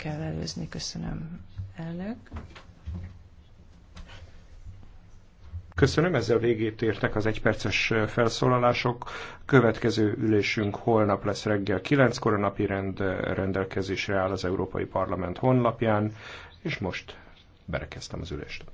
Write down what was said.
kell előzni. Köszönöm, elnök. Köszönöm, ezzel végét értek az egyperces felszólalások. Következő ülésünk holnap lesz reggel 9-kor, a napi rend rendelkezésre áll az Európai Parlament honlapján, és most berekeztem az ülést.